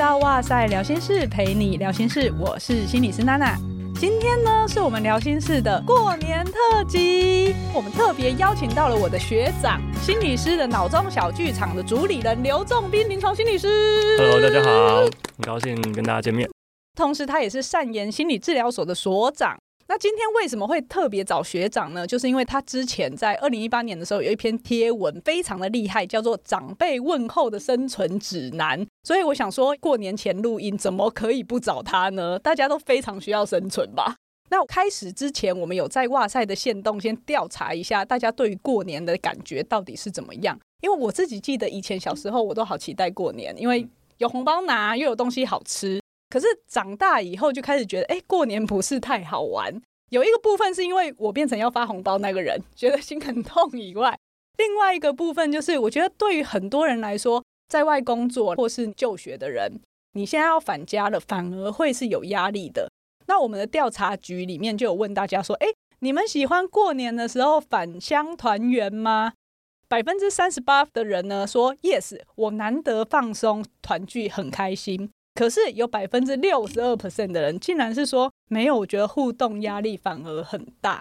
到哇賽，療心室陪你聊心事，我是心理師娜娜。今天呢，是我們療心室的過年特輯，我們特別邀請到了我的學長，心理師的腦中小劇場的主理人劉仲彬臨床心理師。Hello，大家好，很高興跟大家見面。同時，他也是善言心理治療所的所長。那今天為什麼會特別找學長呢？就是因為他之前在二零一八年的時候有一篇貼文非常的厲害，叫做《長輩問候的生存指南》。所以我想說過年前錄音，怎麼可以不找他呢？大家都非常需要生存吧？那開始之前，我們有在哇賽的限動先調查一下大家對於過年的感覺到底是怎麼樣？因為我自己記得以前小時候我都好期待過年，因為有紅包拿，又有東西好吃。可是長大以後就開始覺得，欸，過年不是太好玩。有一個部分是因為我變成要發紅包那個人，覺得心很痛以外，另外一個部分就是我覺得對於很多人來說，在外工作或是就學的人，你現在要返家了，反而會是有壓力的。那我們的調查局裡面就有問大家說，欸，你們喜歡過年的時候返鄉團圓嗎？百分之三十八的人呢說，Yes，我難得放鬆，團聚很開心。可是有百分之六十二 percent 的人，竟然是說沒有。我覺得互動壓力反而很大。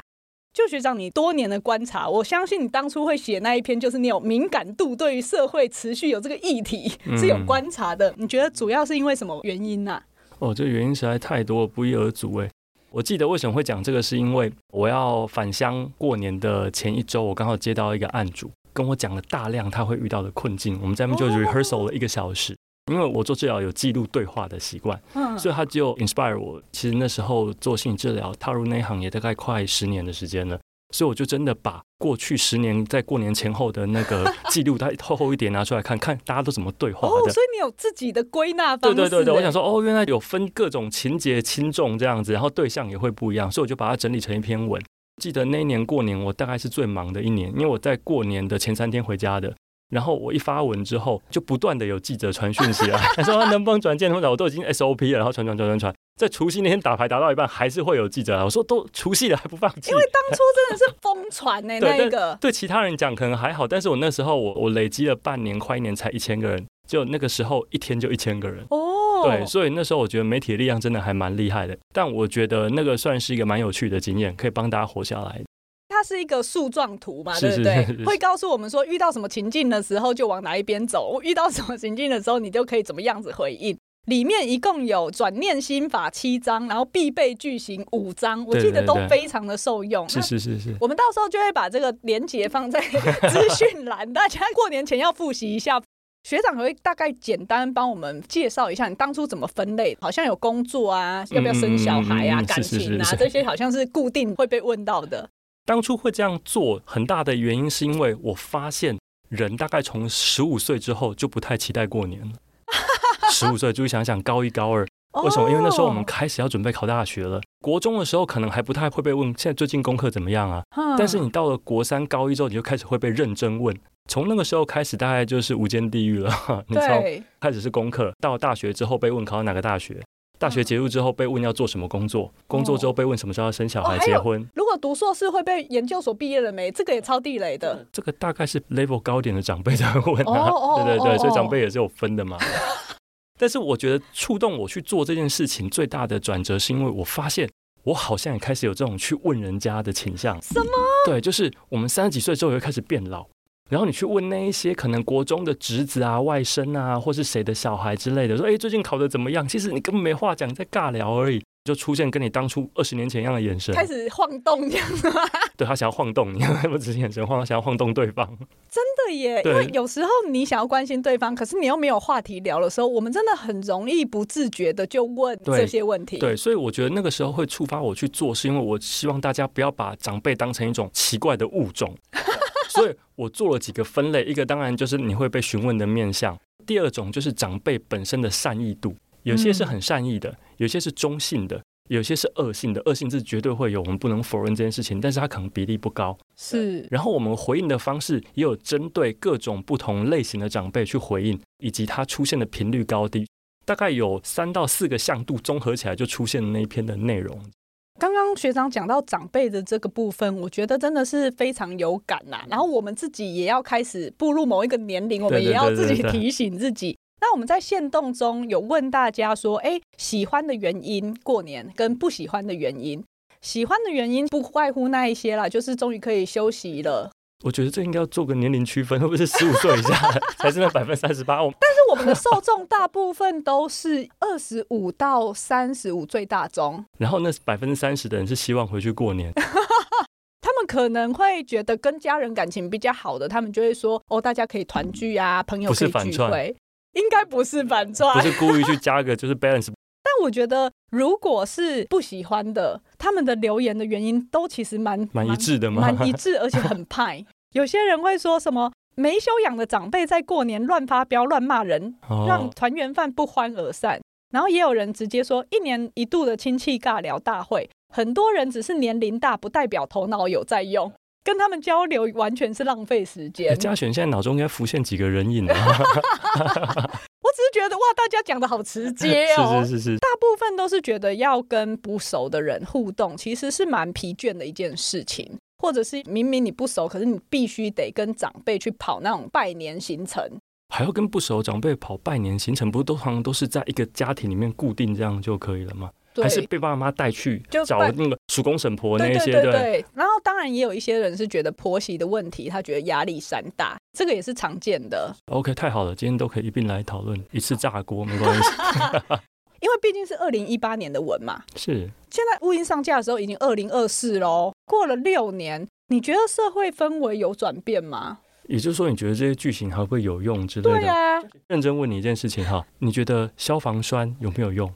就學長，你多年的觀察，我相信你當初會寫那一篇，就是你有敏感度，對於社會持續有這個議題是有觀察的。嗯、你覺得主要是因為什麼原因呢、啊？哦，這原因實在太多，不一而足。哎，我記得為什麼會講這個，是因為我要返鄉過年的前一周，我剛好接到一個案主跟我講了大量他會遇到的困境，我們在下面就 rehearsal 了一個小時。哦因為我做治療有記錄對話的習慣，嗯，所以他就 inspire 我。其實那時候做心理治療，踏入那行業大概快十年的時間了，所以我就真的把過去十年在過年前後的那個記錄，它厚厚一點拿出來看 看，大家都怎麼對話的。哦，所以你有自己的歸納方式。對對對對，我想說，哦，原來有分各種情節輕重這樣子，然後對象也會不一樣，所以我就把它整理成一篇文。記得那一年過年，我大概是最忙的一年，因為我在過年的前三天回家的。然後我一發文之後，就不斷的有記者傳訊息啊， 說他能不能幫轉件，通幫我都已經 SOP 了，然後傳傳傳傳傳，在除夕那天打牌打到一半，還是會有記者來。我說，都除夕了還不放棄？因為當初真的是瘋傳誒、欸， 那一個對，對其他人講可能還好，但是我那時候我我累積了半年快一年才一千個人，就那個時候一天就一千個人哦，對，所以那時候我覺得媒體的力量真的還蠻厲害的，但我覺得那個算是一個蠻有趣的經驗，可以幫大家活下來。它是一個樹狀圖嘛，對不對？會告訴我們說，遇到什麼情境的時候就往哪一邊走。遇到什麼情境的時候，你就可以怎麼樣子回應。裡面一共有轉念心法七章，然後必備句型五章，我記得都非常的受用。是是是，我們到時候就會把這個連結放在資訊欄，大家過年前要複習一下。學長會大概簡單幫我們介紹一下，你當初怎麼分類？好像有工作啊，要不要生小孩啊，感情啊，這些好像是固定會被問到的。當初會這樣做，很大的原因是因為我發現，人大概從十五歲之後就不太期待過年了。十五歲就是想想高一、高二，為什麼？因為那時候我們開始要準備考大學了。國中的時候可能還不太會被問，現在最近功課怎麼樣啊？但是你到了國三、高一之後，你就開始會被認真問。從那個時候開始，大概就是無間地獄了。你知道，對開始是功課，到了大學之後被問考到哪個大學。大學結束之後被問要做什麼工作，工作之後被問什麼時候要生小孩、結婚。如果讀碩士會被研究所畢業了沒？這個也超地雷的。這個大概是 level 高點的長輩在問啊，對對對，所以長輩也是有分的嘛。但是我覺得觸動我去做這件事情最大的轉折，是因為我發現我好像也開始有這種去問人家的傾向。什麼？對，就是我們三十幾歲之後又開始變老。然後你去問那一些可能國中的侄子啊、外甥啊，或是誰的小孩之類的，說：“哎、欸，最近考得怎麼樣？”其實你根本沒話講，在尬聊而已，就出現跟你當初二十年前一樣的眼神，開始晃動這樣子。 對，他想要晃動，你看他只是眼神晃，他想要晃動對方。真的耶，對因為有時候你想要關心對方，可是你又沒有話題聊的時候，我們真的很容易不自覺的就問這些問題。對，對，所以我覺得那個時候會觸發我去做，是因為我希望大家不要把長輩當成一種奇怪的物種。 所以我做了幾個分類，一個當然就是你會被詢問的面向，第二種就是長輩本身的善意度，有些是很善意的，有些是中性的，有些是惡性的，惡性是絕對會有，我們不能否認這件事情，但是它可能比例不高。是，然後我們回應的方式也有針對各種不同類型的長輩去回應，以及它出現的頻率高低，大概有三到四個向度綜合起來就出現的那一篇的內容。剛剛學長講到長輩的這個部分，我覺得真的是非常有感啦。然後我們自己也要開始步入某一個年齡，我們也要自己提醒自己。那我們在限動中有問大家說：“哎、欸，喜歡的原因過年跟不喜歡的原因？喜歡的原因不外乎那一些啦，就是終於可以休息了。”我覺得這應該要做個年齡區分，會不會是十五歲以下 才是那百分三十八？ 但是我們的受眾大部分都是二十五到三十五歲最大宗， 然後那百分之三十的人是希望回去過年， 他們可能會覺得跟家人感情比較好的，他們就會說哦，大家可以團聚啊，朋友可以不是反串，應該不是反串， 不是故意去加個就是 balance。我覺得，如果是不喜歡的，他們的留言的原因都其實蠻蠻一致的嘛，蠻一致，而且很派。 有些人會說什麼沒修養的長輩在過年亂發飆、亂罵人，oh. 讓團圓飯不歡而散。然後也有人直接說，一年一度的親戚尬聊大會，很多人只是年齡大，不代表頭腦有在用。跟他們交流完全是浪費時間。欸、家選現在腦中應該浮現幾個人影啊！ 我只是覺得哇，大家講得好直接哦， 是是是是，大部分都是覺得要跟不熟的人互動，其實是蠻疲倦的一件事情。或者是明明你不熟，可是你必須得跟長輩去跑那種拜年行程，還要跟不熟長輩跑拜年行程，不是都好像都是在一個家庭裡面固定這樣就可以了嗎？對還是被爸爸媽媽帶去辦找那個叔公嬸婆的那一些對，對，對，對，對，然後當然也有一些人是覺得婆媳的問題，他覺得壓力山大，這個也是常見的。OK，太好了，今天都可以一併來討論一次炸鍋，沒關係， 因為畢竟是二零一八年的文嘛。是現在錄音上架的時候已經二零二四嘍，過了六年，你覺得社會氛圍有轉變嗎？也就是說，你覺得這些劇情還會有用之類的？對啊，認真問你一件事情哈，你覺得消防栓有沒有用？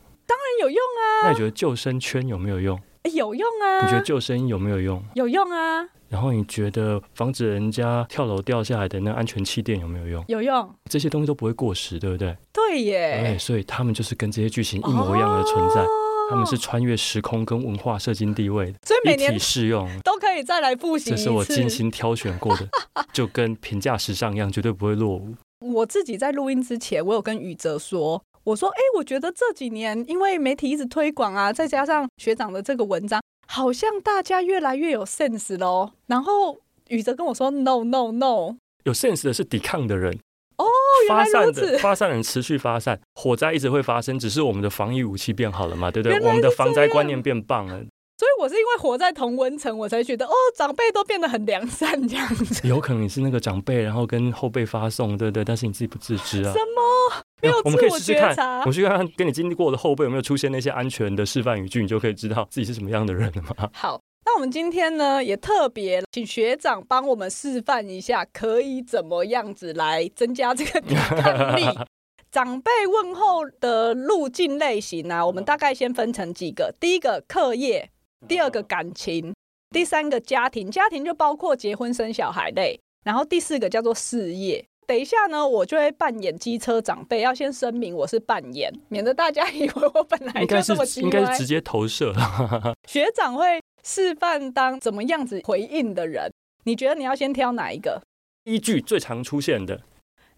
有用啊！那你覺得救生圈有沒有用？欸、有用啊！你覺得救生衣有沒有用？有用啊！然後你覺得防止人家跳樓掉下來的那安全氣墊有沒有用？有用！這些東西都不會過時，對不對？對耶！哎、欸，所以他們就是跟這些劇情一模一樣的存在，哦、他們是穿越時空跟文化、社會地位的，所以每年一體適用都可以再來複習。這是我精心挑選過的， 就跟評價時尚一樣，絕對不會落伍。我自己在錄音之前，我有跟宇哲說。我說，哎、欸，我覺得這幾年因為媒體一直推廣啊，再加上學長的這個文章，好像大家越來越有 sense 咯。然後宇哲跟我說，no no no，有 sense 的是抵抗的人哦，原來如此，發散的發散人持續發散，火災一直會發生，只是我們的防疫武器變好了嘛，對不對？ 我們的防災觀念變棒了。所以我是因為活在同溫層，我才覺得哦，長輩都變得很良善這樣子。有可能你是那個長輩，然後跟後輩發送。對，對對，但是你自己不自知啊。 什麼？沒有自我覺察？自、嗯、我們可以試試看，我去看看跟你經歷過的後輩有沒有出現那些安全的示範語句，你就可以知道自己是什麼樣的人了嘛。好，那我們今天呢，也特別請學長幫我們示範一下，可以怎麼樣子來增加這個抵抗力。 長輩問候的路徑類型呢、啊、我們大概先分成幾個。第一個課業。第二個感情，第三個家庭，家庭就包括結婚生小孩類，然後第四個叫做事業。等一下呢，我就會扮演機車長輩，要先聲明我是扮演，免得大家以為我本來就是。應該是直接投射。哈哈哈哈，學長會示範當怎麼樣子回應的人，你覺得你要先挑哪一個？依據最常出現的。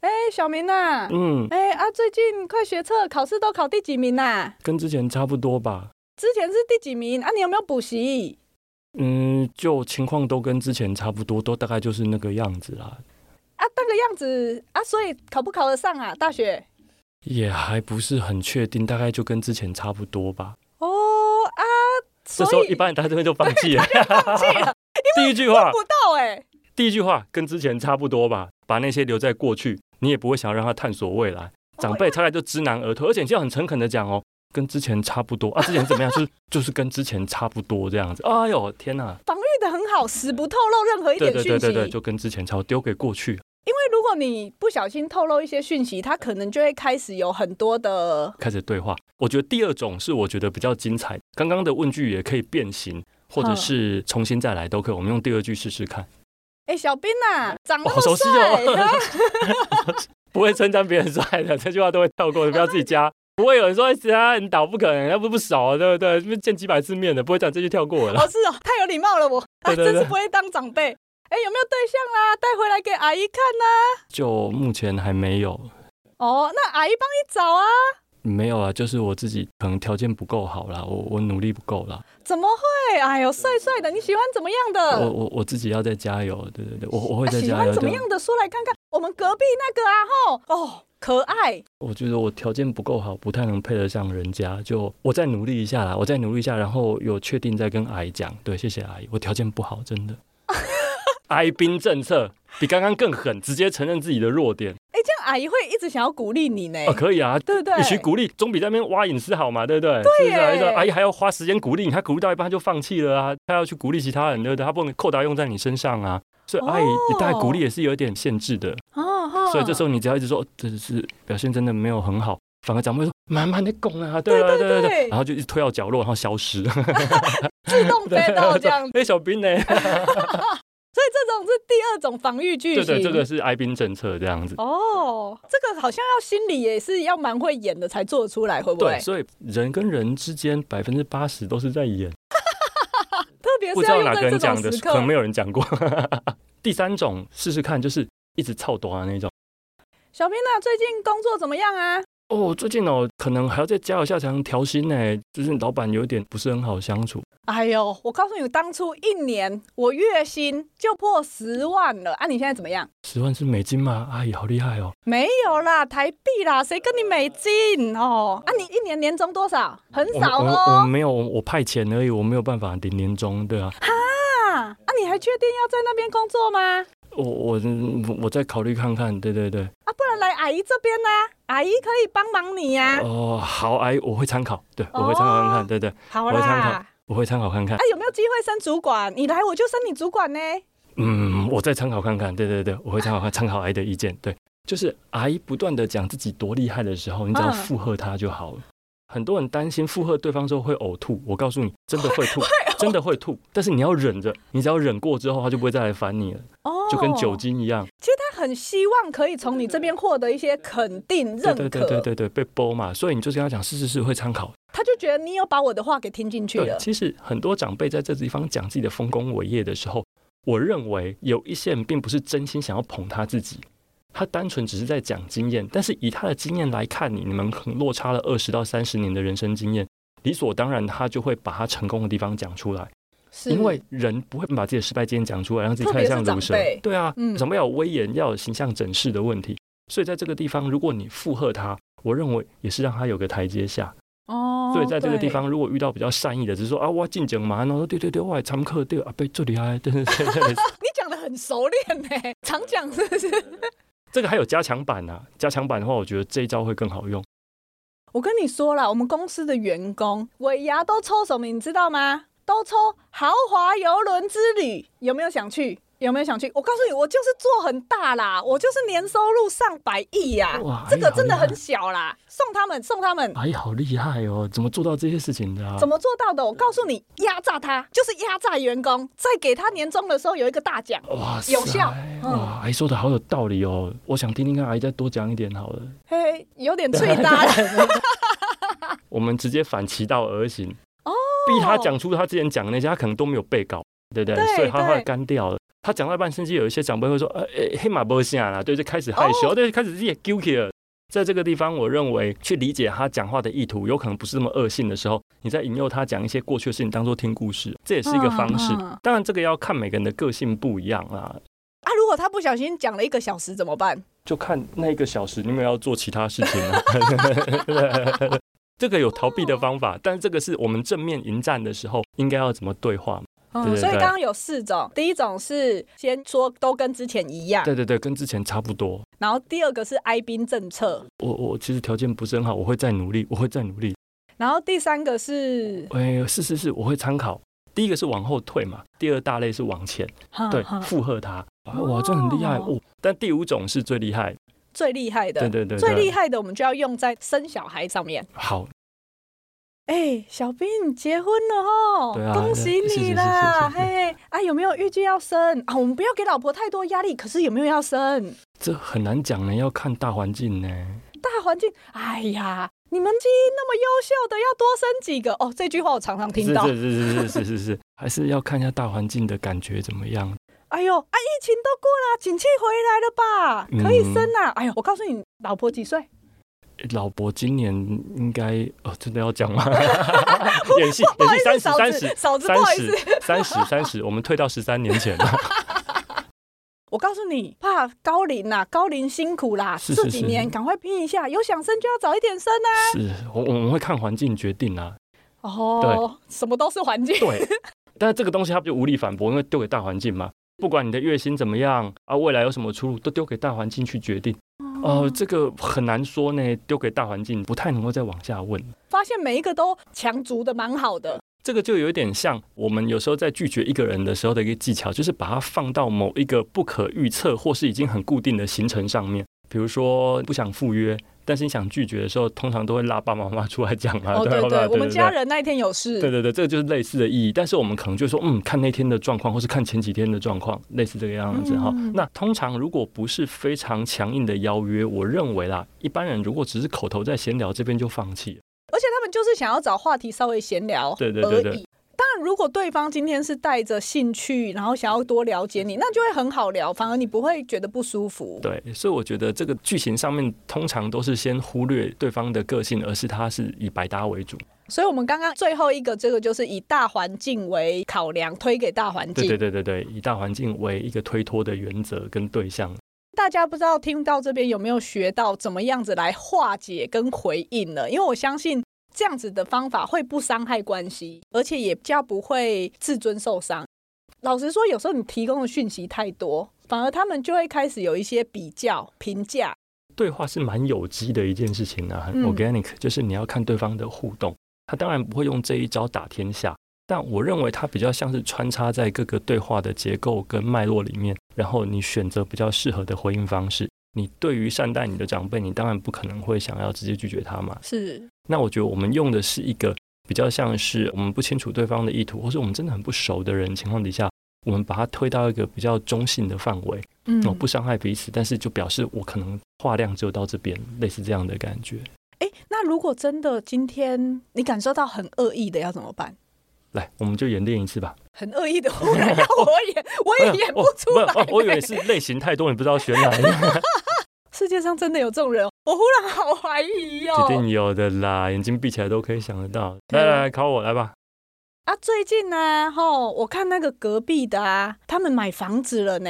哎，小明吶、啊，嗯，哎啊，最近快學測，考試都考第幾名啊？跟之前差不多吧。之前是第幾名啊？你有沒有補習？嗯，就情況都跟之前差不多，都大概就是那個樣子啦。啊，那個樣子啊，所以考不考得上啊？大學也還不是很確定，大概就跟之前差不多吧。哦啊，所以這時候一般大家這邊就放棄了，放棄了。第一句話不到哎、欸，第一句話跟之前差不多吧，把那些留在過去，你也不會想要讓他探索未來。哦、長輩大概就知難而退。哦、而且你要很誠懇的講哦。跟之前差不多啊，之前怎麼樣？ 是就是跟之前差不多這樣子。哎呦，天哪，防禦得很好，死不透露任何一點訊息。對對對，對，對就跟之前差不多，丟給過去。因為如果你不小心透露一些訊息，他可能就會開始有很多的開始對話。我覺得第二種是我覺得比較精彩。剛剛的問句也可以變形，或者是重新再來都可以。我們用第二句試試看。哎、 欸，小彬吶、啊，長得、啊哦、好帥、哦， 不會稱讚別人帥的，這句話都會跳過， 不要自己加。不會有人說其他很倒不可能，要不不少啊，對不對？就是見幾百次面的，不會講這句跳過了啦。老、哦、是哦，太有禮貌了，我對對對、啊、真是不會當長輩。哎，有沒有對象啦？帶回來給阿姨看呢、啊？就目前還沒有。哦，那阿姨幫你找啊？沒有啊，就是我自己可能條件不夠好啦。我我努力不夠啦。怎麼會？哎呦，帥帥的，你喜歡怎麼樣的？我我我自己要再加油，對對對，對，我我會再加油。喜歡怎麼樣的，對說來看看。我們隔壁那個啊，吼哦。可愛，我覺得我條件不夠好，不太能配得上人家。就我再努力一下啦，我再努力一下，然後有確定再跟阿姨講。對，謝謝阿姨，我條件不好，真的。 哀兵政策比剛剛更狠，直接承認自己的弱點。哎、欸，這樣阿姨會一直想要鼓勵你呢。哦、呃，可以啊，對不對？一起鼓勵，總比在那邊挖隱私好嘛，對不對？對耶是是、啊、阿姨還要花時間鼓勵你，他鼓勵到一半他就放棄了啊，他要去鼓勵其他人對不對？他不能扣打用在你身上啊。所以，阿姨，你大概鼓勵也是有一點限制的。哦，所以這時候你只要一直說，這是表現真的沒有很好，反而長輩說慢慢的拱啊，對對對對，然後就一直推到角落，然後消失，自動飛到這樣。哎，小兵呢？所以這種是第二種防禦句型。對對，這個是哀兵政策這樣子。哦，這個好像要心理也是要蠻會演的才做出來，會不會？對，所以人跟人之間百分之八十都是在演。不知道哪個人講的，可能沒有人講過。哈哈哈哈，第三種，試試看，就是一直操短的那種。小彬呢，最近工作怎麼樣啊？哦，最近哦，可能還要再加油，才能調薪呢，就是老闆有點不是很好相處。哎呦，我告訴你，當初一年我月薪就破十萬了。啊，你現在怎麼樣？十萬是美金嗎？阿姨好厲害哦、喔！沒有啦，台幣啦，誰跟你美金哦、呃喔？啊，你一年年終多少？很少哦。我沒有，我派遣而已，我沒有辦法領年終，對啊。哈，啊，你還確定要在那邊工作嗎？我我我再考慮看看。對對對。啊，不然來阿姨這邊呢、啊？阿姨可以幫忙你呀、啊。哦、呃，好，阿姨我會參考，對、哦、我會參考看，看，對對，對，好啦我會參考。我會參考看看，哎、啊，有沒有機會升主管？你來我就升你主管呢、欸。嗯，我再參考看看。對對對，我會參考看參考阿姨的意見。對，就是阿姨不斷的講自己多厲害的時候，你只要附和他就好了。啊啊。很多人擔心附和對方之後會嘔吐，我告訴你，真的會吐。會會真的會吐，但是你要忍着，你只要忍過之後，他就不會再來煩你了。哦，就跟酒精一樣。其實他很希望可以從你這邊獲得一些肯定、認可。對，對對對對對，被褒嘛，所以你就跟他講，是是是，會參考。他就覺得你有把我的話給聽進去了。對，其實很多長輩在這地方講自己的豐功偉業的時候，我認為有一些人並不是真心想要捧他自己，他單純只是在講經驗。但是以他的經驗來看，你你們可能落差了二十到三十年的人生經驗。理所當然，他就會把他成功的地方講出來，是因為人不會把自己的失敗經驗講出來，讓自己看起來像 loser。對啊，什麼、嗯、要有威嚴，要有形象整飾的問題。所以在這個地方，如果你附和他，我認為也是讓他有個台階下。哦，所以在這個地方，如果遇到比較善意的，就是說對啊，我進講嘛，然後對對對，我來常客對啊，被助理啊，等 你講得很熟練呢，常講是不是？ 這個還有加強版啊，加強版的話，我覺得這一招會更好用。我跟你說了，我們公司的員工尾牙都抽什麼？你知道嗎？都抽豪華遊輪之旅，有沒有想去？有沒有想去？我告訴你，我就是做很大啦，我就是年收入上百億呀。哇，這個真的很小啦，送他們，送他們。阿姨好厲害哦，怎麼做到這些事情的？怎麼做到的？我告訴你，壓榨他，就是壓榨員工，在給他年終的時候有一個大獎。哇，有效。哇，阿姨說的好有道理哦，我想聽聽看阿姨再多講一點好了。嘿，有點脆渣了。我們直接反其道而行哦，逼他講出他之前講的那些，他可能都沒有被告，對不對？所以他會幹掉了。他講到一半，甚至有一些長輩會說：“呃、欸，黑馬波西亞啦。」對，就開始害羞，oh. 對，開始也糾結。”在這個地方，我認為去理解他講話的意圖，有可能不是那麼惡性的時候，你在引誘他講一些過去的事情，當做聽故事，這也是一個方式。啊啊、當然，這個要看每個人的個性不一樣啊。啊，如果他不小心講了一個小時怎麼辦？就看那一個小時，你有沒有要做其他事情呢、啊？ 這個有逃避的方法，哦、但這個是我們正面迎戰的時候應該要怎麼對話。嗯，所以剛剛有四種，第一種是先說都跟之前一樣。對對對，跟之前差不多。然後第二個是哀兵政策。我我其實條件不是很好，我會再努力，我會再努力。然後第三個是，哎、欸，是是是，我會參考。第一個是往後退嘛，第二大類是往前，啊、對，附和他。啊、哇，這很厲害哦。但第五種是最厲害，最厲害的，對，對對對，最厲害的我們就要用在生小孩上面。好。哎，小兵結婚了哦，恭喜你啦！嘿，啊，有沒有預計要生啊？我們不要給老婆太多壓力，可是有沒有要生？這很難講呢，要看大環境呢。大環境，哎呀，你們基因那麼優秀的，要多生幾個哦。這句話我常常聽到。是是是是是是，還是要看一下大環境的感覺怎麼樣？哎呦，啊，疫情都過了，景氣回來了吧？可以生啦！哎呦，我告訴你，老婆幾歲？老伯今年應該哦，真的要講嗎？演戲演戲三三十三十三十三十，我們退到十三年前了。我告訴你，爸，高齡吶，高齡辛苦啦，這幾年趕快拼一下，有想生就要早一點生啊。是，我我們會看環境決定啊。哦，對，什麼都是環境。對，但是這個東西他就無力反駁，因為丟給大環境嘛。不管你的月薪怎麼樣啊，未來有什麼出路，都丟給大環境去決定。哦，這個很難說呢，丟給大環境，不太能夠再往下問。發現每一個都強足的蠻好的，這個就有點像我們有時候在拒絕一個人的時候的一個技巧，就是把它放到某一個不可預測或是已經很固定的行程上面，比如說不想赴約。但是你想拒絕的時候，通常都會拉爸爸媽媽出來講啊。對、哦、對，我們家人那一天有事。對對對，這個就是類似的意義。但是我們可能就說，嗯，看那天的狀況，或是看前幾天的狀況，類似這個樣子哈、嗯。那通常如果不是非常強硬的邀約，我認為啦，一般人如果只是口頭在閒聊，這邊就放棄了。而且他們就是想要找話題稍微閒聊，對，對對對對。如果對方今天是帶着興趣，然後想要多了解你，那就會很好聊，反而你不會覺得不舒服。對，所以我覺得這個句型上面通常都是先忽略對方的個性，而是他是以百搭為主。所以，我們剛剛最後一個這個就是以大環境為考量，推給大環境。對對對對對，以大環境為一個推脫的原則跟對象。大家不知道聽到這邊有沒有學到怎麼樣子來化解跟回應呢？因為我相信。這樣子的方法會不傷害關係，而且也比較不會自尊受傷。老實說，有時候你提供的訊息太多，反而他們就會開始有一些比較、評價。對話是蠻有機的一件事情啊，嗯，很 organic，就是你要看對方的互動。他當然不會用這一招打天下，但我認為他比較像是穿插在各個對話的結構跟脈絡裡面，然後你選擇比較適合的回應方式。你對於善待你的長輩，你當然不可能會想要直接拒絕他嘛。是。那我覺得我們用的是一個比較像是我們不清楚對方的意圖，或是我們真的很不熟的人的情況底下，我們把它推到一個比較中性的範圍，嗯，哦、不傷害彼此，但是就表示我可能話量就到這邊，類似這樣的感覺。哎、欸，那如果真的今天你感受到很惡意的，要怎麼辦？來，我們就演練一次吧。很惡意的，忽然要我演， 哦、我也演不出來、哦哦不是哦。我以為是類型太多， 你不知道選哪一個。 世界上真的有這種人，我忽然好懷疑哦。一定有的啦，眼睛閉起來都可以想得到。來來來，考我來吧。啊，最近呢，吼，我看那個隔壁的啊，他們買房子了呢。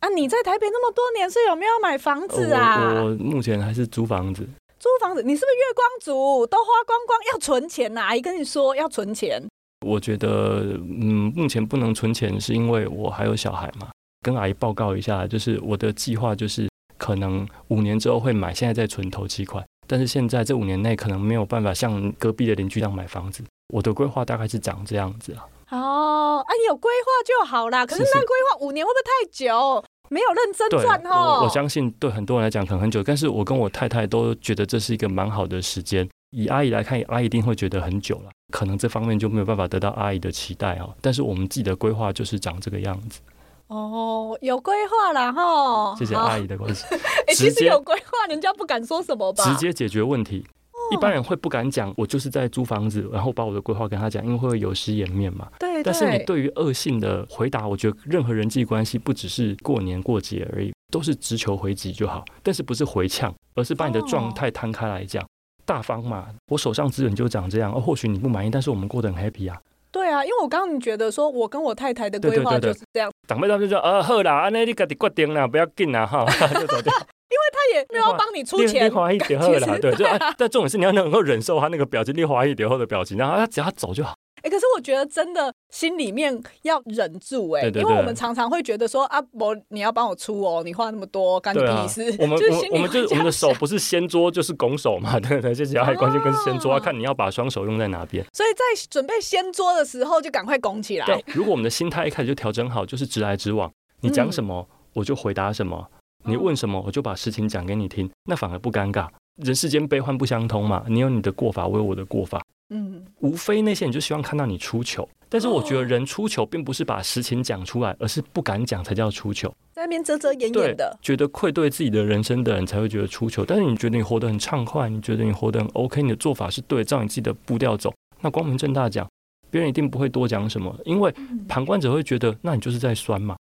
啊，你在台北那麼多年，是有沒有買房子啊？呃，我，我目前還是租房子。租房子，你是不是月光族？都花光光，要存錢吶，啊！阿姨跟你說，要存錢。我覺得，嗯，目前不能存錢，是因為我還有小孩嘛。跟阿姨報告一下，就是我的計劃就是。可能五年之後會買，現在在存頭期款，但是現在這五年內可能沒有辦法像隔壁的鄰居這樣買房子。我的規劃大概是長這樣子啊。哦，哎、啊，有規劃就好啦。可是那規劃五年會不會太久？是是沒有認真賺？對哦，我。我相信對很多人來講可能很久，但是我跟我太太都覺得這是一個蠻好的時間。以阿姨來看，阿姨一定會覺得很久了，可能這方面就沒有辦法得到阿姨的期待哦、啊。但是我們自己的規劃就是長這個樣子。哦，有規劃了哈！謝謝阿姨的關心。哎，其實有規劃，人家不敢說什麼吧？直接解決問題。哦、一般人會不敢講，我就是在租房子，然後把我的規劃跟他講，因為會有失顏面嘛。對，對，對。但是你對於惡性的回答，我覺得任何人際關係不只是過年過節而已，都是直球回擊就好。但是不是回嗆，而是把你的狀態攤開來講，哦、大方嘛。我手上資源就長這樣，哦，或許你不滿意，但是我們過得很 happy 啊。對啊，因為我剛剛你覺得說，我跟我太太的規劃就是這樣。對對對對對，長輩他們就說：“呃，好啦，安尼你家己決定啦，不要緊啦，哈。” 就走掉 因為他也沒有幫你出錢，臉花一點厚了，對，對。但重點是你要能夠忍受他那個表情，你花一點厚的表情，然後他只要走就好。哎，可是我覺得真的心裡面要忍住，哎，因為我們常常會覺得說啊，我你要幫我出哦，你花那麼多幹屁意思，我們我們我們的手不是掀桌，就是拱手嘛，對對，就只要還關心跟掀桌，看你要把雙手用在哪邊。所以在準備掀桌的時候，就趕快拱起來。對，如果我們的心態一開始就調整好，就是直來直往，你講什麼我就回答什麼。你問什麼，我就把事情講給你聽，那反而不尷尬。人世間悲歡不相通嘛，你有你的過法，我有我的過法，嗯。無非那些人就希望看到你出糗，但是我覺得人出糗並不是把事情講出來，而是不敢講才叫出糗，在那邊遮遮掩掩，掩的，覺得愧對自己的人生的人才會覺得出糗。但是你覺得你活得很暢快，你覺得你活得很 OK，你的做法是對，照你自己的步調走，那光明正大講，別人一定不會多講什麼，因為旁觀者會覺得，那你就是在酸嘛。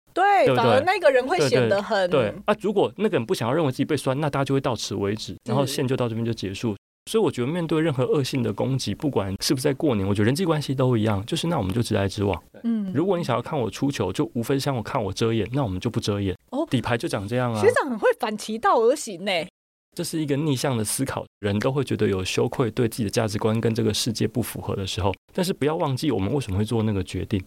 對對，反而那個人會顯得很對，對，對，對，對啊！如果那個人不想要認為自己被酸，那大家就會到此為止，然後線就到這邊就結束。所以我覺得面對任何惡性的攻擊，不管是不是在過年，我覺得人際關係都一樣，就是那我們就直來直往。對 嗯，如果你想要看我出糗，就無非像我看我遮掩，那我們就不遮掩。哦，底牌就長這樣啊！學長很會反其道而行呢。這是一個逆向的思考，人都會覺得有羞愧，對自己的價值觀跟這個世界不符合的時候。但是不要忘記，我們為什麼會做那個決定。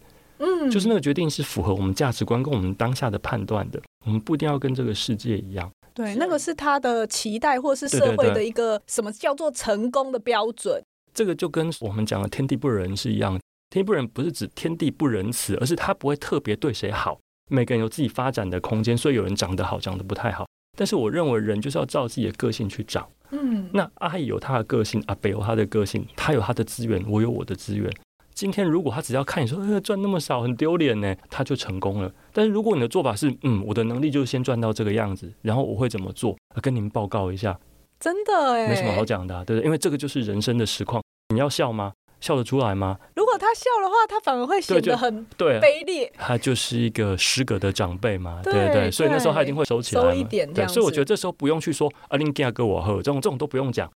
就是那個決定是符合我們價值觀跟我們當下的判斷的，我們不一定要跟這個世界一樣。對，是那個是他的期待，或是社會的一個什麼叫做成功的標準。對對對，這個就跟我們講的天地不仁是一樣的，天地不仁不是指天地不仁慈，而是他不會特別對誰好。每個人有自己發展的空間，所以有人長得好，長得不太好。但是我認為人就是要照自己的個性去長。嗯，那阿姨有他的個性，阿北有他的個性，他有他的資源，我有我的資源。今天如果他只要看你說，欸、賺那麼少很丟臉呢，他就成功了。但是如果你的做法是嗯，我的能力就先賺到這個樣子，然後我會怎麼做？啊、跟你們報告一下，真的哎、欸，沒什麼好講的，啊，對不對？因為這個就是人生的實況。你要笑嗎？笑得出來嗎？如果他笑的話，他反而會顯得很卑劣。對對對。他就是一個失格的長輩嘛， 對，對對。所以那時候他一定會收起來，收一點對。所以我覺得這時候不用去說阿、啊、你給哥我喝，這種這種都不用講，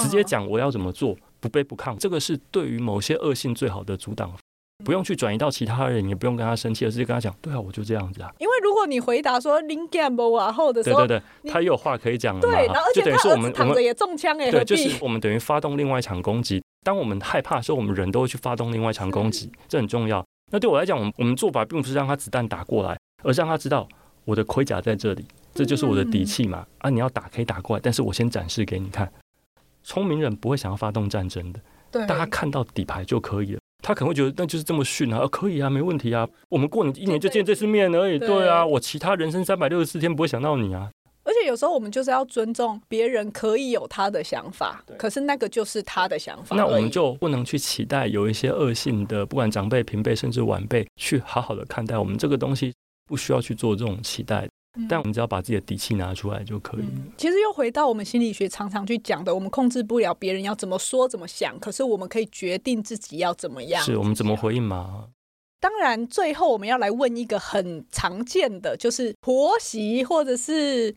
直接講我要怎麼做。不卑不亢，這個是對於某些惡性最好的阻擋。嗯、不用去轉移到其他人，也不用跟他生氣，而是跟他講：對啊，我就這樣子啊。因為如果你回答說“零 game 不後”的時候，對對對，你他也有話可以講了嘛。對，然後就等於是我們躺着也中槍誒。對，就是我們等於發動另外一場攻擊。當我們害怕的時候，我們人都會去發動另外一場攻擊，是這很重要。那對我來講，我們我們做法並不是讓他子彈打過來，而是讓他知道我的盔甲在這裡，這就是我的底氣嘛。嗯、啊，你要打可以打過來，但是我先展示給你看。聰明人不會想要發動戰爭的，對他看到底牌就可以了。他可能會覺得，那就是這麼遜啊，啊，可以啊，沒問題啊。我們過年一年就見這次面而已，對，對啊，我其他人生三百六十四天不會想到你啊。而且有時候我們就是要尊重別人，可以有他的想法，對可是那個就是他的想法，那我們就不能去期待有一些惡性的，不管長輩、平輩甚至晚輩去好好的看待我們這個東西，不需要去做這種期待。但我們只要把自己的底氣拿出來就可以了。嗯，其實又回到我們心理學常常去講的，我們控制不了別人要怎麼說、怎麼想，可是我們可以決定自己要怎麼樣。是我們怎麼回應嗎？當然，最後我們要來問一個很常見的，就是婆媳，或者是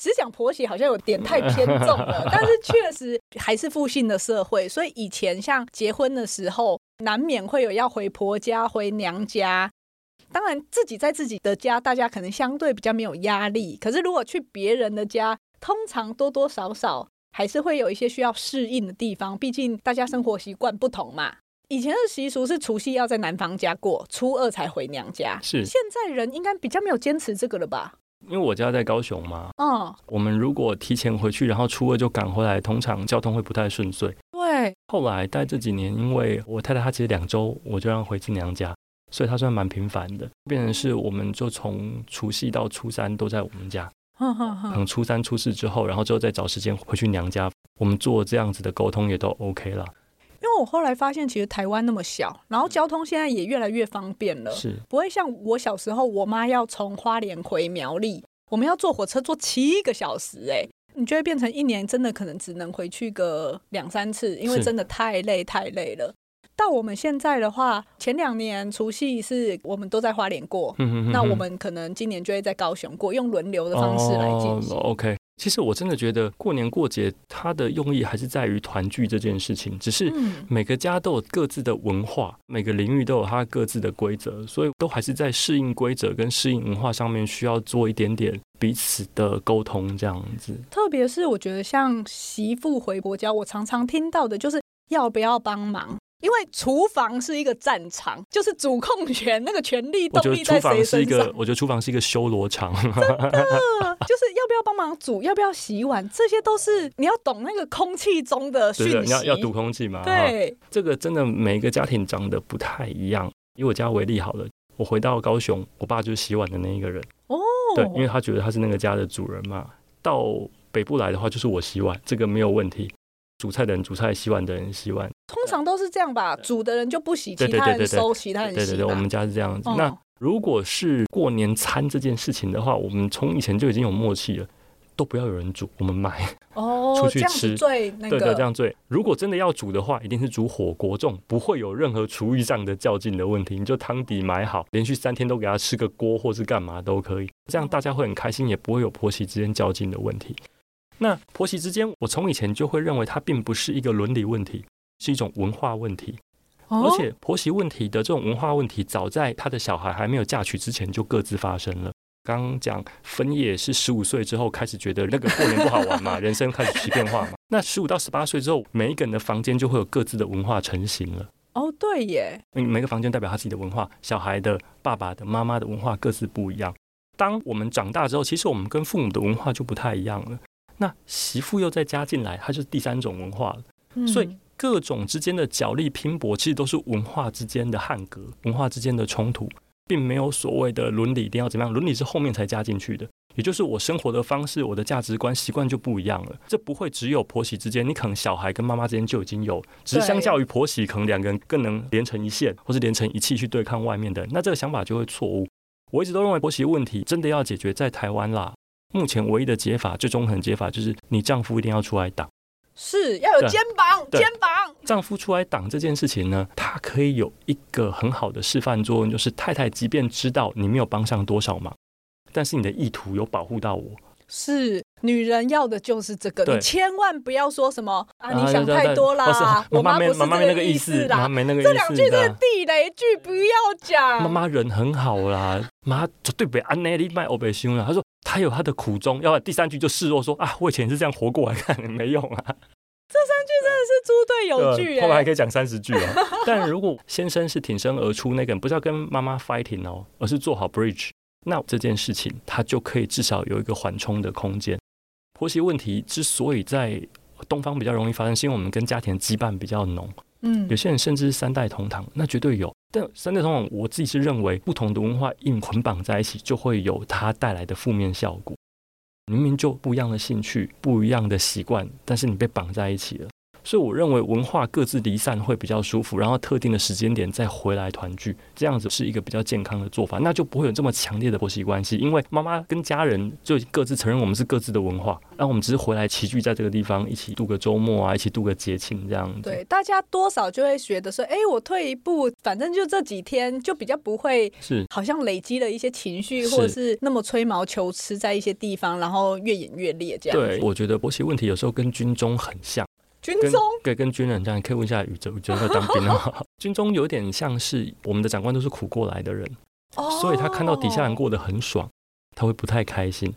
只講婆媳，好像有點太偏重了。 但是確實還是父性的社會，所以以前像結婚的時候，難免會有要回婆家、回娘家。當然，自己在自己的家，大家可能相對比較沒有壓力。可是，如果去別人的家，通常多多少少還是會有一些需要適應的地方，畢竟大家生活習慣不同嘛。以前的習俗是除夕要在男方家過，初二才回娘家。是，現在人應該比較沒有堅持這個了吧？因為我家在高雄嘛。嗯、哦，我們如果提前回去，然後初二就趕回來，通常交通會不太順遂。對。後來待這幾年，因為我太太她其實兩周我就讓她回去娘家。所以它算蠻頻繁的，變成是我們就從除夕到初三都在我們家，等初三初四之後，然後之後再找時間回去娘家。我們做這樣子的溝通也都 OK 了。因為我後來發現，其實台灣那麼小，然後交通現在也越來越方便了，是不會像我小時候，我媽要從花蓮回苗栗，我們要坐火車坐七個小時，欸，哎，你就會變成一年真的可能只能回去個兩三次，因為真的太累太累了。到我們現在的話，前兩年除夕是我們都在花蓮過，嗯哼嗯哼那我們可能今年就會在高雄過，用輪流的方式來進行。Oh, OK，其實我真的覺得過年過節它的用意還是在於團聚這件事情，只是每個家都有各自的文化，嗯、每個領域都有它各自的規則，所以都還是在適應規則跟適應文化上面需要做一點點彼此的溝通這樣子。特別是我覺得像媳婦回婆家，我常常聽到的就是要不要幫忙。因為廚房是一個戰場，就是主控權那個權力動力在誰身上，我是一個？我覺得廚房是一個修羅場 ，就是要不要幫忙煮，要不要洗碗，這些都是你要懂那個空氣中的訊息，你要要讀空氣嘛？對，哦、這個真的每一個家庭長得不太一樣。以我家為例好了，我回到高雄，我爸就是洗碗的那一個人哦，對，因為他覺得他是那個家的主人嘛。到北部來的話，就是我洗碗，這個沒有問題。煮菜的人煮菜，洗碗的人洗碗。通常都是這樣吧，煮的人就不洗，其他人收其他人，啊、對，對對對，我們家是這樣子。嗯、那如果是過年餐這件事情的話，我們從以前就已經有默契了，都不要有人煮，我們買哦，出去吃這樣最那個。對，對對，這樣最。如果真的要煮的話，一定是煮火鍋重，不會有任何廚藝上的較勁的問題。你就湯底買好，連續三天都給他吃個鍋，或是幹嘛都可以，這樣大家會很開心，也不會有婆媳之間較勁的問題。那婆媳之間，我從以前就會認為它並不是一個倫理問題。是一種文化問題，而且婆媳問題的這種文化問題，早在他的小孩還沒有嫁娶之前就各自發生了。剛講分野是十五歲之後開始覺得那個過年不好玩嘛， 人生開始起變化嘛。那十五到十八歲之後，每一個人的房間就會有各自的文化成型了。哦，oh, 對耶，每個房間代表他自己的文化，小孩的爸爸的媽媽的文化各自不一樣。當我們長大之後，其實我們跟父母的文化就不太一樣了。那媳婦又再加進來，她就是第三種文化了。所以，嗯。各種之間的角力拼搏，其實都是文化之間的扞格，文化之間的衝突，並沒有所謂的倫理一定要怎麼樣，倫理是後面才加進去的。也就是我生活的方式、我的價值觀、習慣就不一樣了。這不會只有婆媳之間，你可能小孩跟媽媽之間就已經有，只是相較於婆媳，可能兩個人更能連成一線，或是連成一氣去對抗外面的。那這個想法就會錯誤。我一直都認為婆媳問題真的要解決，在台灣啦，目前唯一的解法，最中肯解法就是你丈夫一定要出來擋。是要有肩膀，肩膀。丈夫出來擋這件事情呢，他可以有一個很好的示範作用，就是太太即便知道你沒有幫上多少忙，但是你的意圖有保護到我。是女人要的就是這個，對你千萬不要說什麼啊！啊你想太多啦，我媽不是那個意思啦，媽媽沒那個意思。這兩句是地雷句，啊、不要講。媽媽人很好啦，媽， 絕對不會 Anelli 賣 obession，他說他有他的苦衷，要不然第三句就示弱說啊，我以前是這樣活過來看，看沒用啊。這三句真的是豬隊友、欸呃，後來還可以講三十句啊。 但如果先生是挺身而出，那個人不是要跟媽媽 fighting 哦，而是做好 bridge。那這件事情，它就可以至少有一個緩衝的空間。婆媳問題之所以在東方比較容易發生，是因為我們跟家庭羈絆比較濃。嗯，有些人甚至是三代同堂，那絕對有。但三代同堂，我自己是認為，不同的文化硬捆綁在一起，就會有它帶來的負面效果。明明就不一樣的興趣，不一樣的習慣，但是你被綁在一起了。所以我認為文化各自離散會比較舒服，然後特定的時間點再回來團聚，這樣子是一個比較健康的做法,那就不會有這麼強烈的婆媳關係。因為媽媽跟家人就各自承認我們是各自的文化，然後我們只是回來齊聚在這個地方，一起度個周末啊，一起度個節慶這樣子。對，大家多少就會覺得說，哎、欸，我退一步，反正就這幾天，就比較不會是好像累積了一些情緒，或者是那麼吹毛求疵在一些地方，然後越演越烈這樣。對，我覺得婆媳問題有時候跟軍中很像。軍中對，跟軍人這樣，可以問一下宇哲，宇哲在當兵啊。軍中有點像是我們的長官都是苦過來的人，所以他看到底下人過得很爽，他會不太開心。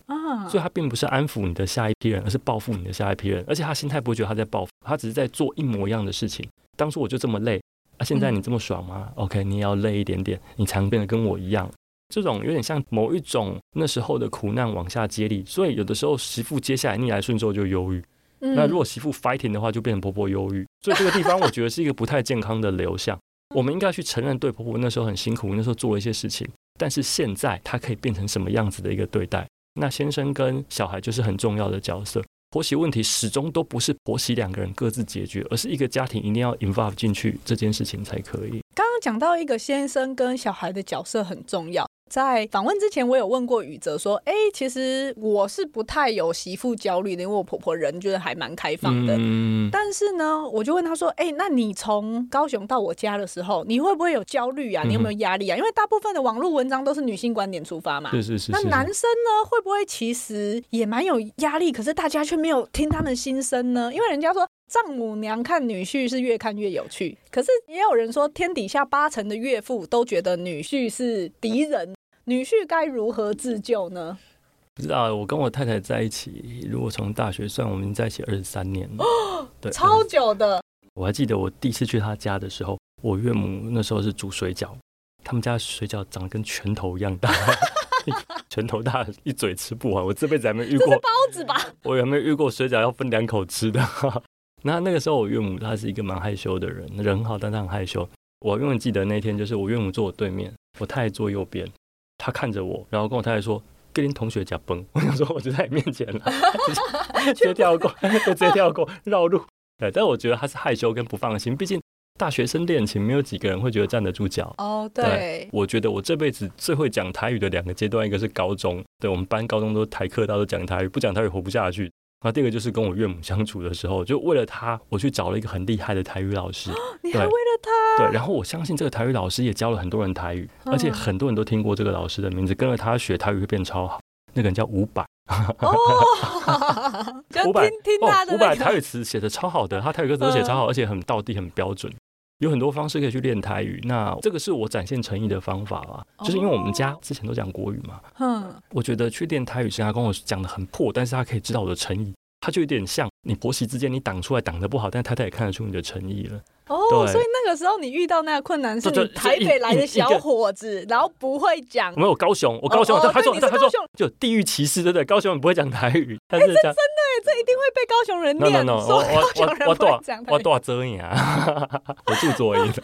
所以他並不是安撫你的下一批人，而是報復你的下一批人。而且他心態不會覺得他在報復，他只是在做一模一樣的事情。當初我就這麼累啊，現在你這麼爽嗎？嗯。OK，你也要累一點點，你才能變得跟我一樣。這種有點像某一種那時候的苦難往下接力，所以有的時候媳婦接下來逆來順受就憂鬱。嗯，那如果媳婦 fighting 的話，就變成婆婆憂鬱。所以這個地方，我覺得是一個不太健康的流向。 我們應該去承認，對婆婆那時候很辛苦，那時候做了一些事情。但是現在，她可以變成什麼樣子的一個對待？那先生跟小孩就是很重要的角色。婆媳問題始終都不是婆媳兩個人各自解決，而是一個家庭一定要 involve 進去這件事情才可以。剛剛講到一個先生跟小孩的角色很重要。在訪問之前，我有問過宇哲說：“哎、欸，其實我是不太有媳婦焦慮的，因為我婆婆人覺得還蠻開放的。嗯、但是呢，我就問他說：‘哎、欸，那你從高雄到我家的時候，你會不會有焦慮啊？你有沒有壓力啊？’嗯、因為大部分的網絡文章都是女性觀點出發嘛。是是，是是是。那男生呢，會不會其實也蠻有壓力？可是大家卻沒有聽他們心聲呢？因為人家說丈母娘看女婿是越看越有趣，可是也有人說天底下八成的岳父都覺得女婿是敵人。”女婿該如何自救呢？不知道。我跟我太太在一起，如果從大學算，我們在一起二十三年了，哦、對，超久的。我還記得我第一次去她家的時候，我岳母那時候是煮水餃，他們家的水餃長得跟拳頭一樣大， 拳頭大一嘴吃不完，我這輩子還沒遇過。這是包子吧？我有沒有遇過水餃要分兩口吃的？ 那那個時候我岳母她是一個蠻害羞的人，人很好，但她很害羞。我永遠記得那天，就是我岳母坐我對面，我太太坐右邊。他看着我，然後跟我太太說：“跟您同學講崩，我想說，我就在你面前了， 直接跳過， 直接跳過，繞路。對，但是我覺得他是害羞跟不放心，畢竟大學生戀情沒有幾個人會覺得站得住腳。哦、oh, 對，對，我覺得我這輩子最會講台語的兩個階段，一個是高中，對，我們班高中都是台課，都是講台語，不講台語活不下去。那第二個就是跟我岳母相處的時候，就為了他，我去找了一個很厲害的台語老師。哦、你還為了他？對，對。然後我相信這個台語老師也教了很多人台語，嗯、而且很多人都聽過這個老師的名字，跟着他學台語會變超好。那個人叫伍佰。哦，伍佰， 伍佰、那個哦、台語詞寫的超好的，他台語歌詞都寫超好，嗯、而且很道地，很標準。有很多方式可以去練台語，那這個是我展現誠意的方法啦。Oh. 就是因為我們家之前都講國語嘛，嗯，Huh. 我覺得去練台語，其實他跟我講的很破，但是他可以知道我的誠意，他就有點像你婆媳之間，你擋出來擋的不好，但太太也看得出你的誠意了。哦，所以那個時候你遇到那個困難是你台北來的小夥子，然後不會講。沒有高雄，我高雄，他說他說就地域歧視，對對，高雄你不會講台語，但是這真的，這一定會被高雄人念 no no no，我我我我多少講，我多少遮掩，我住左營的，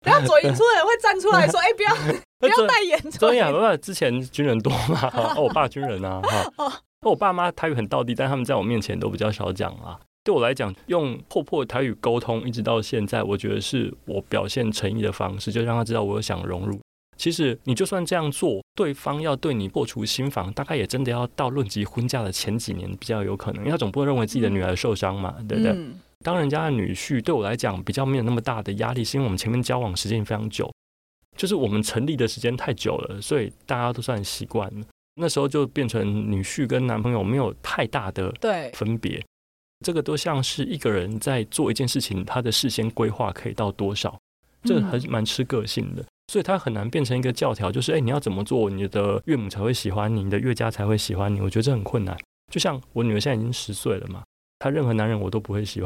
等下左營出來會站出來說，哎，不要不要代言，遮掩，不，之前軍人多嘛，我爸軍人啊，哦，我爸媽台語很道地，但他們在我面前都比較少講啊。對我來講，用破破台語溝通，一直到現在，我覺得是我表現誠意的方式，就讓他知道我有想融入。其實你就算這樣做，對方要對你破除心防，大概也真的要到論及婚嫁的前幾年比較有可能，因為他總不會認為自己的女兒受傷嘛，對不對？嗯、當人家的女婿，對我來講比較沒有那麼大的壓力，是因為我們前面交往時間非常久，就是我們成立的時間太久了，所以大家都算習慣了。那時候就變成女婿跟男朋友沒有太大的分別。這個都像是一個人在做一件事情，他的事先規劃可以到多少，這個、還蠻吃個性的，所以他很難變成一個教條，就是誒、欸，你要怎麼做，你的岳母才會喜歡你，你的岳家才會喜歡你，我覺得這很困難。就像我女兒現在已經十歲了嘛，她任何男人我都不會喜歡。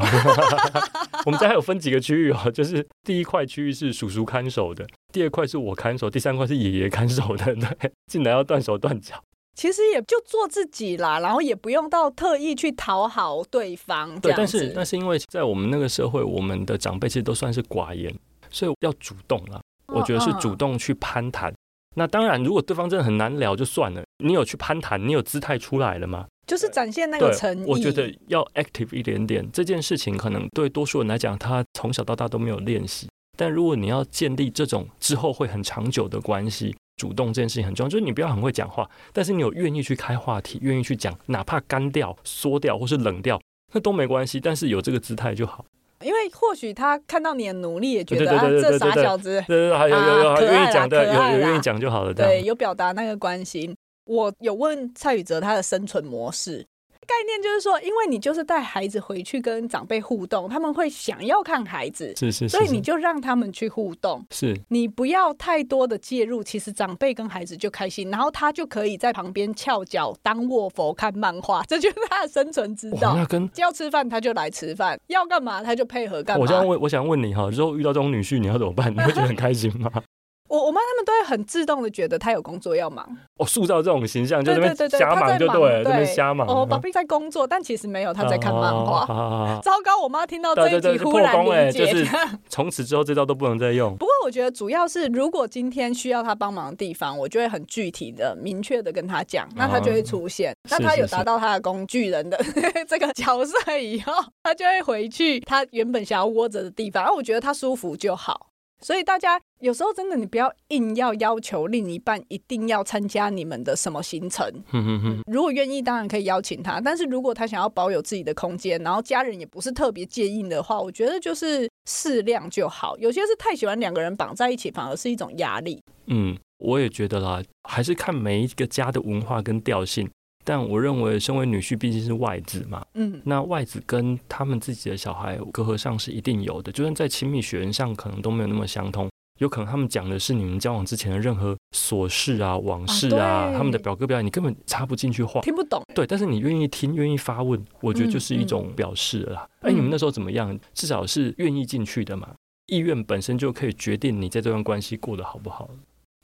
我們家有分幾個區域哦，就是第一塊區域是叔叔看守的，第二塊是我看守，第三塊是爺爺看守的，對，進來要斷手斷腳。其實也就做自己啦，然後也不用到特意去討好對方。對，但是但是因為在我們那個社會，我們的長輩其實都算是寡言，所以要主動了。嗯、我覺得是主動去攀談。嗯、那當然，如果對方真的很難聊，就算了。你有去攀談，你有姿態出來了嗎？就是展現那個誠意。我覺得要 active 一點點。這件事情可能對多數人來講，他從小到大都沒有練習。嗯、但如果你要建立這種之後會很長久的關係。主動這件事情很重要，就是你不要很會講話，但是你有願意去開話題，願意去講，哪怕乾掉、縮掉或是冷掉，那都沒關係。但是有這個姿態就好，因為或許他看到你的努力，也覺得這傻小子，對對、對、對、啊，還有有有、啊、願意講的，對啊、有有願意講就好了。對，這樣。有表達那個關心。我有問蔡宇哲他的生存模式。概念就是說，因為你就是帶孩子回去跟長輩互動，他們會想要看孩子，是是、是，所以你就讓他們去互動，是、是，你不要太多的介入。其實長輩跟孩子就開心，然後他就可以在旁邊翹腳當臥佛看漫畫，這就是他的生存之道。要跟要吃飯他就來吃飯，要幹嘛他就配合幹嘛。我想問，我想問你哈，如果遇到這種女婿，你要怎麼辦？你會覺得很開心嗎？ 我我媽他們都會很自動的覺得他有工作要忙，哦，塑造這種形象，就是那邊瞎忙就對，這邊瞎忙。哦，我爸比在工作，呵但其實沒有，他在看漫畫。啊啊啊、 糟糕，我媽聽到這一集突然理解，從此之後這招都不能再用。不過我覺得主要是，如果今天需要他幫忙的地方，我就會很具體的、明確的跟他講，那他就會出現。那、啊、他有達到他的工具人的是是是 這個角色以後，他就會回去他原本想要窩着的地方，然後我覺得他舒服就好。所以大家有時候真的，你不要硬要要求另一半一定要參加你們的什麼行程。嗯嗯嗯，如果願意，當然可以邀請他；但是如果他想要保有自己的空間，然後家人也不是特別介意的話，我覺得就是適量就好。有些是太喜歡兩個人綁在一起，反而是一種壓力。嗯，我也覺得啦，還是看每一個家的文化跟調性。但我認為，身為女婿畢竟是外子嘛，嗯，那外子跟他們自己的小孩隔閡上是一定有的，就算在親密血緣上，可能都沒有那麼相通。有可能他們講的是你們交往之前的任何瑣事啊、往事啊，啊他們的表哥表演你根本插不進去話，聽不懂。對，但是你願意聽，願意發問，我覺得就是一種表示了啦。哎、嗯嗯欸，你們那時候怎麼樣？至少是願意進去的嘛，意願本身就可以決定你在這段關係過得好不好。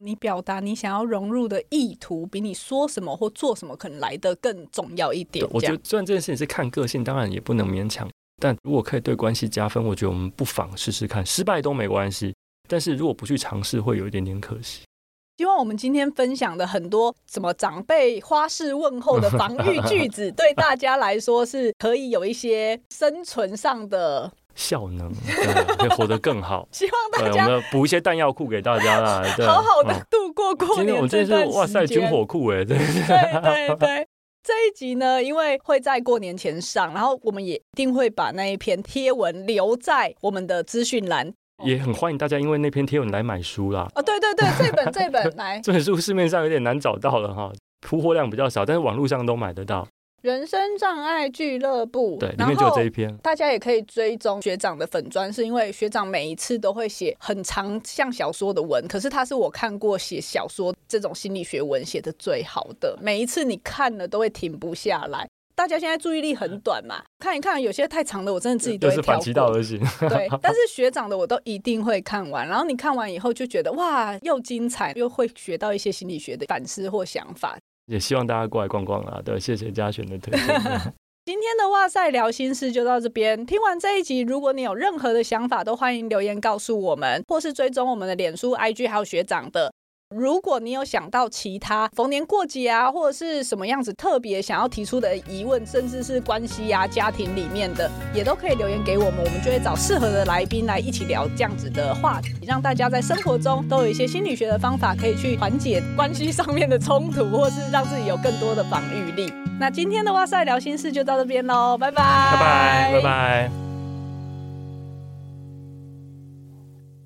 你表達你想要融入的意圖，比你說什麼或做什麼可能來得更重要一點。我覺得雖然這件事情是看個性，當然也不能勉強。但如果可以對關係加分，我覺得我們不妨試試看，失敗都沒關係。但是如果不去嘗試，會有一點點可惜。希望我們今天分享的很多什麼長輩花式問候的防禦句子， 對大家來說是可以有一些生存上的。效能，對， 活得更好。希望大家我們補一些彈藥庫給大家啦， 好好的度過過年、嗯。今天我真是哇塞，軍火庫哎，真是對,對對。 這一集呢，因為會在過年前上，然後我們也一定會把那一篇貼文留在我們的資訊欄。也很歡迎大家，因為那篇貼文來買書啦。啊、哦，對對對，這本這本 對來這本書市面上有點難找到了哈，鋪貨量比較少，但是網絡上都買得到。人生障礙俱樂部，對，然後裡面就有這一篇。大家也可以追蹤學長的粉專，是因為學長每一次都會寫很長像小說的文，可是他是我看過寫小說這種心理學文寫的最好的。每一次你看了都會停不下來。大家現在注意力很短嘛，看一看，有些太長的我真的自己都會跳過，是反其道而行。 對，但是學長的我都一定會看完。然後你看完以後就覺得哇，又精彩，又會學到一些心理學的反思或想法。也希望大家過來逛逛啦、啊，對，謝謝嘉璇的推薦。 今天的哇賽療心室就到這邊，聽完這一集，如果你有任何的想法，都歡迎留言告訴我們，或是追蹤我們的臉書、IG，還有學長的。如果你有想到其他逢年過節啊，或者是什麼樣子特別想要提出的疑問，甚至是關係啊、家庭裡面的，也都可以留言給我們，我們就會找適合的來賓來一起聊這樣子的話題，讓大家在生活中都有一些心理學的方法，可以去緩解關係上面的衝突，或是讓自己有更多的防禦力。那今天的哇賽療心室就到這邊嘍，拜拜，拜拜，拜拜，拜拜。